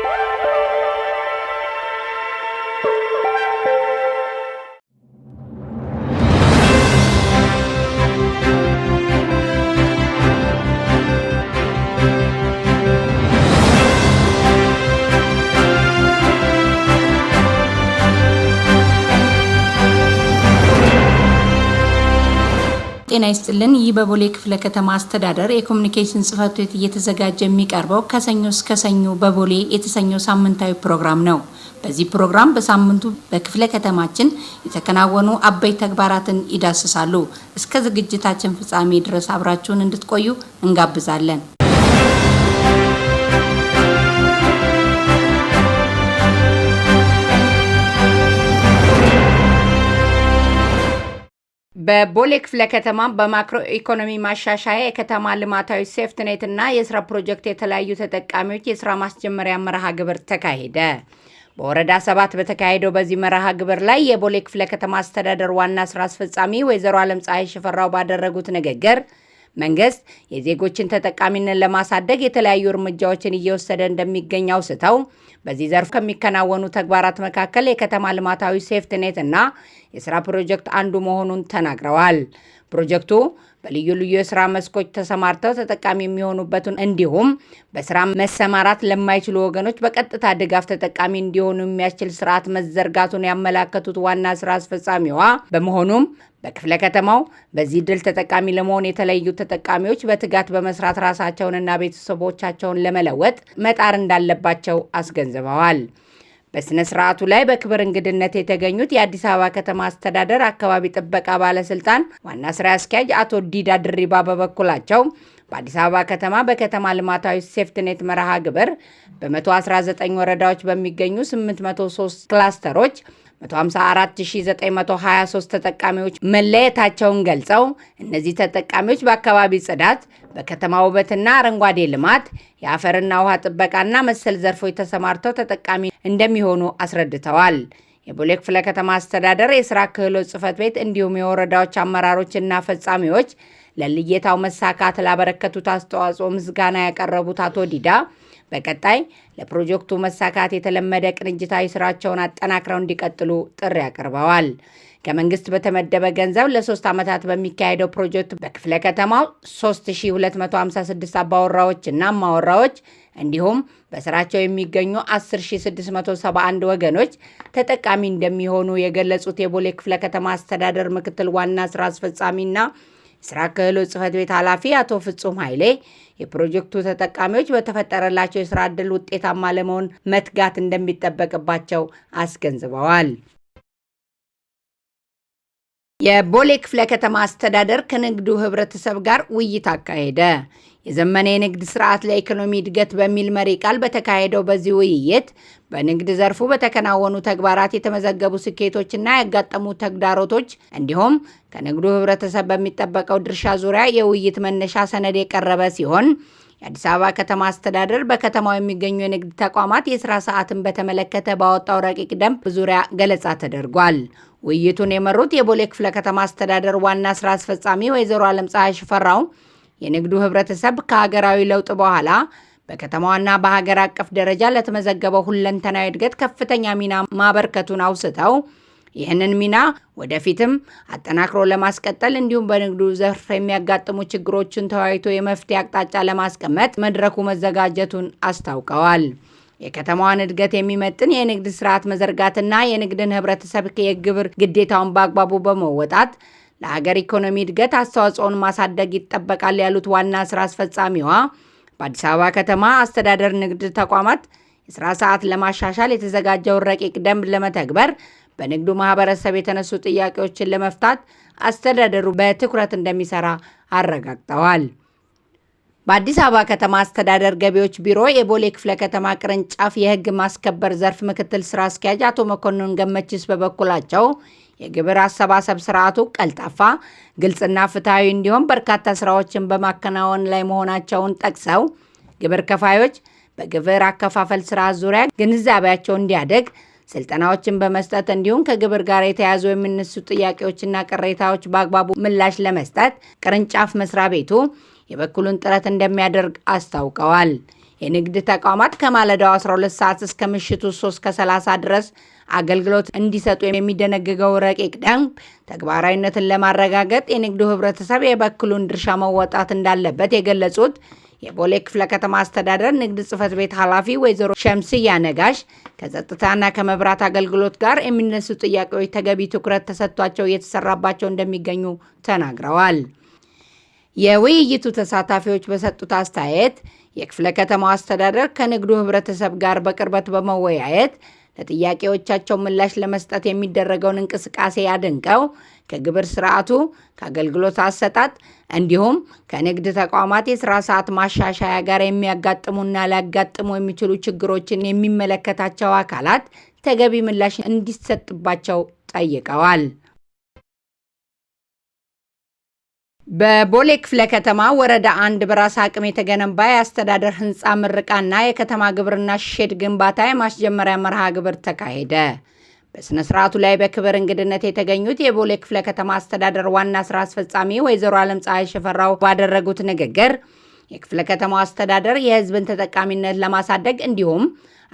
Bye. ጤና ይስጥልን። ይህ በቦሌ ክፍለ ከተማ አስተዳደር የኮሚኒኬሽን ጽፈት ቤት እየተዘጋጀ የሚቀርበው ከሰኞ እስከ ሰኞ በቦሌ የተሰኘው ሳምንታዊ ፕሮግራም ነው። በዚህ ፕሮግራም በሳምንቱ በክፍለ ከተማችን የተከናወኑ አበይ ተግባራትን ይዳስሳሉ። እስከ ዝግጅታችን ፍጻሜ ድረስ አብራችሁን እንድትቆዩ እንጋብዛለን። በቦሌ ክፍለ ከተማ በማክሮ ኢኮኖሚ ማሻሻያ የከተማ ልማታዊ ሴፍትኔት እና የስራ ፕሮጀክት የተለያዩ ተጠቃሚዎች የስራ ማስጀመሪያ መርሃ ግብር ተካሄደ። በወረዳ ሰባት በተካሄደው በዚህ መርሃ ግብር ላይ የቦሌ ክፍለ ከተማ አስተዳደር ዋና ስራ አስፈጻሚ ወይዘሮ አለም ፀሐይ ሽፈራው ባደረጉት ንግግር መንግስት የዜጎችን ተጠቃሚነት ለማሳደግ የተለያዩ እርምጃዎችን እየወሰደ እንደሚገኝ አውስተው በዚህ ዘርፍ ከሚከናወኑ ተግባራት መካከል የከተማ ልማታዊ ሴፍትኔት እና የስራ ፕሮጀክት አንዱ መሆኑን ተናግረዋል። ፕሮጀክቱ በልዩ ልዩ የስራ መስኮች ተሰማርተው ተጠቃሚ የሚሆኑበትን እንዲሁም በስራ መሰማራት ለማይችሉ ወገኖች በቀጥታ ድጋፍ ተጠቃሚ እንዲሆኑ የሚያስችል ስርዓት መዘርጋቱን ያመላከቱት ዋና ስራ አስፈጻሚዋ በመሆኑም በክፍለ ከተማው በዚህ ድል ተጠቃሚ ለመሆን የተለዩ ተጠቃሚዎች በትጋት በመስራት ራሳቸውንና ቤተሰቦቻቸውን ለመለወጥ መጣር እንዳለባቸው አስገንዝበዋል። አስገንዝበዋል። በሥነ ሥርዓቱ ላይ በክብር እንግድነት የተገኙት የአዲስ አበባ ከተማ አስተዳደር አካባቢ ጥበቃ ባለስልጣን ዋና ስራ አስኪያጅ አቶ ዲዳ ድሪባ በበኩላቸው በአዲስ አበባ ከተማ በከተማ ልማታዊ ሴፍትኔት መርሃ ግብር በ119 ወረዳዎች በሚገኙ 803 ክላስተሮች 154923 ተጠቃሚዎች መለየታቸውን ገልጸው እነዚህ ተጠቃሚዎች በአካባቢ ጽዳት፣ በከተማ ውበትና አረንጓዴ ልማት፣ የአፈርና ውሃ ጥበቃና መሰል ዘርፎች ተሰማርተው ተጠቃሚ እንደሚሆኑ አስረድተዋል። የቦሌ ክፍለ ከተማ አስተዳደር የስራ ክህሎት ጽህፈት ቤት እንዲሁም የወረዳዎች አመራሮችና ፈጻሚዎች ለልየታው መሳካት ላበረከቱት አስተዋጽኦ ምስጋና ያቀረቡት አቶ ዲዳ በቀጣይ ለፕሮጀክቱ መሳካት የተለመደ ቅንጅታዊ ስራቸውን አጠናክረው እንዲቀጥሉ ጥሪ አቅርበዋል። ከመንግስት በተመደበ ገንዘብ ለሶስት ዓመታት በሚካሄደው ፕሮጀክት በክፍለ ከተማው 3256 አባወራዎች እና ማወራዎች እንዲሁም በስራቸው የሚገኙ 10671 ወገኖች ተጠቃሚ እንደሚሆኑ የገለጹት የቦሌ ክፍለ ከተማ አስተዳደር ምክትል ዋና ስራ አስፈጻሚና ስራ ክህሎት ጽህፈት ቤት ኃላፊ አቶ ፍጹም ኃይሌ የፕሮጀክቱ ተጠቃሚዎች በተፈጠረላቸው የስራ ዕድል ውጤታማ ለመሆን መትጋት እንደሚጠበቅባቸው አስገንዝበዋል። የቦሌ ክፍለ ከተማ አስተዳደር ከንግዱ ህብረተሰብ ጋር ውይይት አካሄደ። የዘመነ የንግድ ስርዓት ለኢኮኖሚ እድገት በሚል መሪ ቃል በተካሄደው በዚህ ውይይት በንግድ ዘርፉ በተከናወኑ ተግባራት የተመዘገቡ ስኬቶችና ያጋጠሙ ተግዳሮቶች እንዲሁም ከንግዱ ህብረተሰብ በሚጠበቀው ድርሻ ዙሪያ የውይይት መነሻ ሰነድ የቀረበ ሲሆን የአዲስ አበባ ከተማ አስተዳደር በከተማው የሚገኙ የንግድ ተቋማት የስራ ሰዓትን በተመለከተ ባወጣው ረቂቅ ደንብ ዙሪያ ገለጻ ተደርጓል። ውይይቱን የመሩት የቦሌ ክፍለ ከተማ አስተዳደር ዋና ስራ አስፈጻሚ ወይዘሮ አለም ፀሐይ ሽፈራው የንግዱ ህብረተሰብ ከሀገራዊ ለውጥ በኋላ በከተማዋና በሀገር አቀፍ ደረጃ ለተመዘገበው ሁለንተናዊ እድገት ከፍተኛ ሚና ማበርከቱን አውስተው ይህንን ሚና ወደፊትም አጠናክሮ ለማስቀጠል እንዲሁም በንግዱ ዘርፍ የሚያጋጥሙ ችግሮችን ተወያይቶ የመፍትሄ አቅጣጫ ለማስቀመጥ መድረኩ መዘጋጀቱን አስታውቀዋል። የከተማዋን እድገት የሚመጥን የንግድ ስርዓት መዘርጋትና የንግድን ህብረተሰብ የግብር ግዴታውን በአግባቡ በመወጣት ለሀገር ኢኮኖሚ እድገት አስተዋጽኦን ማሳደግ ይጠበቃል ያሉት ዋና ስራ አስፈጻሚዋ በአዲስ አበባ ከተማ አስተዳደር ንግድ ተቋማት የስራ ሰዓት ለማሻሻል የተዘጋጀውን ረቂቅ ደንብ ለመተግበር በንግዱ ማህበረሰብ የተነሱ ጥያቄዎችን ለመፍታት አስተዳደሩ በትኩረት እንደሚሰራ አረጋግጠዋል። በአዲስ አበባ ከተማ አስተዳደር ገቢዎች ቢሮ የቦሌ ክፍለ ከተማ ቅርንጫፍ የህግ ማስከበር ዘርፍ ምክትል ስራ አስኪያጅ አቶ መኮንን ገመችስ በበኩላቸው የግብር አሰባሰብ ስርዓቱ ቀልጣፋ፣ ግልጽና ፍትሐዊ እንዲሆን በርካታ ስራዎችን በማከናወን ላይ መሆናቸውን ጠቅሰው ግብር ከፋዮች በግብር አከፋፈል ስርዓት ዙሪያ ግንዛቤያቸው እንዲያደግ ስልጠናዎችን በመስጠት እንዲሁም ከግብር ጋር የተያዙ የሚነሱ ጥያቄዎችና ቅሬታዎች በአግባቡ ምላሽ ለመስጠት ቅርንጫፍ መስሪያ ቤቱ የበኩሉን ጥረት እንደሚያደርግ አስታውቀዋል። የንግድ ተቋማት ከማለዳው 12 ሰዓት እስከ ምሽቱ 3 ከ30 ድረስ አገልግሎት እንዲሰጡ የሚደነግገው ረቂቅ ደንብ ተግባራዊነትን ለማረጋገጥ የንግዱ ህብረተሰብ የበኩሉን ድርሻ መወጣት እንዳለበት የገለጹት የቦሌ ክፍለ ከተማ አስተዳደር ንግድ ጽህፈት ቤት ኃላፊ ወይዘሮ ሸምስያ ነጋሽ ከጸጥታና ከመብራት አገልግሎት ጋር የሚነሱ ጥያቄዎች ተገቢ ትኩረት ተሰጥቷቸው እየተሰራባቸው እንደሚገኙ ተናግረዋል። የውይይቱ ተሳታፊዎች በሰጡት አስተያየት የክፍለ ከተማው አስተዳደር ከንግዱ ህብረተሰብ ጋር በቅርበት በመወያየት ለጥያቄዎቻቸው ምላሽ ለመስጠት የሚደረገውን እንቅስቃሴ ያደንቀው ከግብር ስርዓቱ ከአገልግሎት አሰጣጥ እንዲሁም ከንግድ ተቋማት የስራ ሰዓት ማሻሻያ ጋር የሚያጋጥሙና ሊያጋጥሙ የሚችሉ ችግሮችን የሚመለከታቸው አካላት ተገቢ ምላሽ እንዲሰጥባቸው ጠይቀዋል። በቦሌ ክፍለ ከተማ ወረዳ አንድ በራስ አቅም የተገነባ የአስተዳደር ህንፃ ምርቃና የከተማ ግብርና ሼድ ግንባታ የማስጀመሪያ መርሃ ግብር ተካሄደ። በሥነ ሥርዓቱ ላይ በክብር እንግድነት የተገኙት የቦሌ ክፍለ ከተማ አስተዳደር ዋና ሥራ አስፈጻሚ ወይዘሮ ዓለም ፀሐይ ሽፈራው ባደረጉት ንግግር የክፍለ ከተማው አስተዳደር የህዝብን ተጠቃሚነት ለማሳደግ እንዲሁም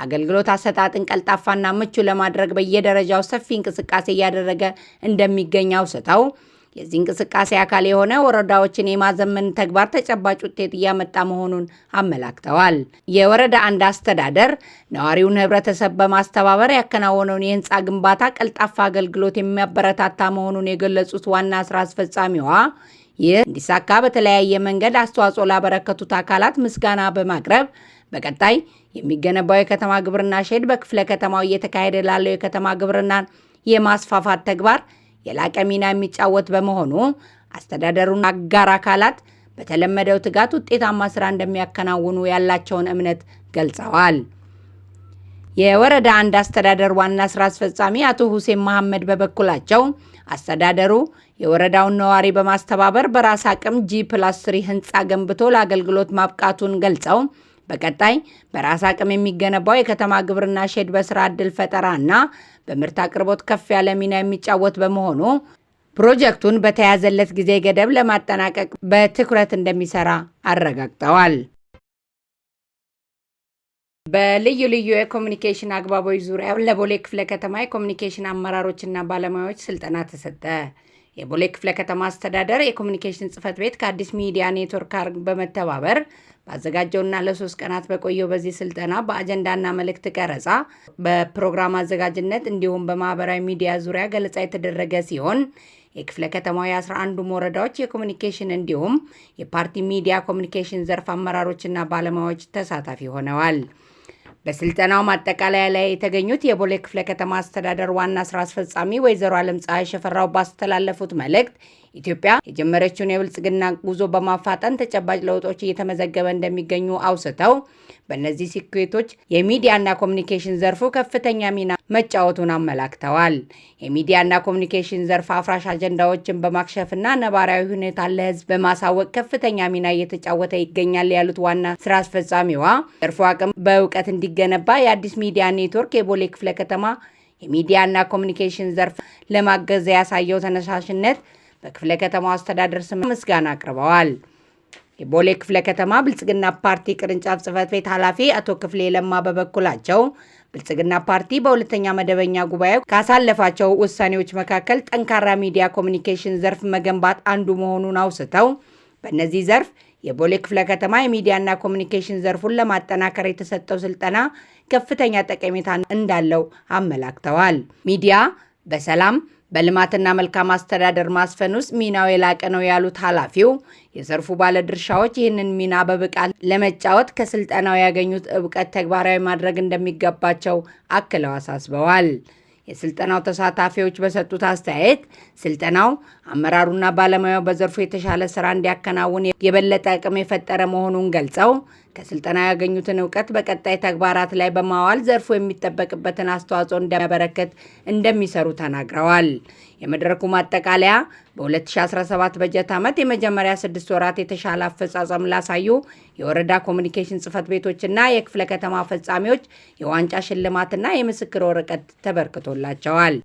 አገልግሎት አሰጣጥን ቀልጣፋና ምቹ ለማድረግ በየደረጃው ሰፊ እንቅስቃሴ እያደረገ እንደሚገኝ አውስተው የዚህ እንቅስቃሴ አካል የሆነ ወረዳዎችን የማዘመን ተግባር ተጨባጭ ውጤት እያመጣ መሆኑን አመላክተዋል። የወረዳ አንድ አስተዳደር ነዋሪውን ህብረተሰብ በማስተባበር ያከናወነውን የህንፃ ግንባታ ቀልጣፋ አገልግሎት የሚያበረታታ መሆኑን የገለጹት ዋና ስራ አስፈጻሚዋ ይህ እንዲሳካ በተለያየ መንገድ አስተዋጽኦ ላበረከቱት አካላት ምስጋና በማቅረብ በቀጣይ የሚገነባው የከተማ ግብርና ሼድ በክፍለ ከተማው እየተካሄደ ላለው የከተማ ግብርናን የማስፋፋት ተግባር የላቀ ሚና የሚጫወት በመሆኑ አስተዳደሩና አጋር አካላት በተለመደው ትጋት ውጤታማ ስራ እንደሚያከናውኑ ያላቸውን እምነት ገልጸዋል። የወረዳ አንድ አስተዳደር ዋና ስራ አስፈጻሚ አቶ ሁሴን መሐመድ በበኩላቸው አስተዳደሩ የወረዳውን ነዋሪ በማስተባበር በራስ አቅም ጂ ፕላስ ስሪ ህንፃ ገንብቶ ለአገልግሎት ማብቃቱን ገልጸው በቀጣይ በራስ አቅም የሚገነባው የከተማ ግብርና ሼድ በስራ ዕድል ፈጠራ እና በምርት አቅርቦት ከፍ ያለ ሚና የሚጫወት በመሆኑ ፕሮጀክቱን በተያዘለት ጊዜ ገደብ ለማጠናቀቅ በትኩረት እንደሚሰራ አረጋግጠዋል። በልዩ ልዩ የኮሚኒኬሽን አግባቦች ዙሪያ ለቦሌ ክፍለ ከተማ የኮሚኒኬሽን አመራሮችና ባለሙያዎች ስልጠና ተሰጠ። የቦሌ ክፍለ ከተማ አስተዳደር የኮሚኒኬሽን ጽህፈት ቤት ከአዲስ ሚዲያ ኔትወርክ ጋር በመተባበር ባዘጋጀውና ለሶስት ቀናት በቆየው በዚህ ስልጠና በአጀንዳና መልእክት ቀረጻ፣ በፕሮግራም አዘጋጅነት እንዲሁም በማህበራዊ ሚዲያ ዙሪያ ገለጻ የተደረገ ሲሆን የክፍለ ከተማው የአስራ አንዱም ወረዳዎች የኮሚኒኬሽን እንዲሁም የፓርቲ ሚዲያ ኮሚኒኬሽን ዘርፍ አመራሮችና ባለሙያዎች ተሳታፊ ሆነዋል። በስልጠናው ማጠቃለያ ላይ የተገኙት የቦሌ ክፍለ ከተማ አስተዳደር ዋና ስራ አስፈጻሚ ወይዘሮ አለም ፀሐይ ሸፈራው ባስተላለፉት መልእክት ኢትዮጵያ የጀመረችውን የብልጽግና ጉዞ በማፋጠን ተጨባጭ ለውጦች እየተመዘገበ እንደሚገኙ አውስተው በእነዚህ ስኬቶች የሚዲያና ኮሚኒኬሽን ዘርፉ ከፍተኛ ሚና መጫወቱን አመላክተዋል። የሚዲያና ኮሚኒኬሽን ዘርፍ አፍራሽ አጀንዳዎችን በማክሸፍና ነባራዊ ሁኔታ ለህዝብ በማሳወቅ ከፍተኛ ሚና እየተጫወተ ይገኛል ያሉት ዋና ስራ አስፈጻሚዋ ዘርፉ አቅም በእውቀት እንዲገነባ የአዲስ ሚዲያ ኔትወርክ የቦሌ ክፍለ ከተማ የሚዲያና ኮሚኒኬሽን ዘርፍ ለማገዝ ያሳየው ተነሳሽነት በክፍለ ከተማው አስተዳደር ስም ምስጋና አቅርበዋል። የቦሌ ክፍለ ከተማ ብልጽግና ፓርቲ ቅርንጫፍ ጽህፈት ቤት ኃላፊ አቶ ክፍሌ ለማ በበኩላቸው ብልጽግና ፓርቲ በሁለተኛ መደበኛ ጉባኤው ካሳለፋቸው ውሳኔዎች መካከል ጠንካራ ሚዲያ ኮሚኒኬሽን ዘርፍ መገንባት አንዱ መሆኑን አውስተው በእነዚህ ዘርፍ የቦሌ ክፍለ ከተማ የሚዲያና ኮሚኒኬሽን ዘርፉን ለማጠናከር የተሰጠው ስልጠና ከፍተኛ ጠቀሜታ እንዳለው አመላክተዋል። ሚዲያ በሰላም በልማትና መልካም አስተዳደር ማስፈን ውስጥ ሚናው የላቀ ነው ያሉት ኃላፊው የዘርፉ ባለድርሻዎች ይህንን ሚና በብቃት ለመጫወት ከስልጠናው ያገኙት እውቀት ተግባራዊ ማድረግ እንደሚገባቸው አክለው አሳስበዋል። የስልጠናው ተሳታፊዎች በሰጡት አስተያየት ስልጠናው አመራሩና ባለሙያው በዘርፉ የተሻለ ስራ እንዲያከናውን የበለጠ አቅም የፈጠረ መሆኑን ገልጸው ከስልጠና ያገኙትን እውቀት በቀጣይ ተግባራት ላይ በማዋል ዘርፉ የሚጠበቅበትን አስተዋጽኦ እንደሚያበረከት እንደሚሰሩ ተናግረዋል። የመድረኩ ማጠቃለያ በ2017 በጀት ዓመት የመጀመሪያ ስድስት ወራት የተሻለ አፈጻጸም ላሳዩ የወረዳ ኮሚኒኬሽን ጽህፈት ቤቶችና የክፍለ ከተማ ፈጻሚዎች የዋንጫ ሽልማትና የምስክር ወረቀት ተበርክቶላቸዋል።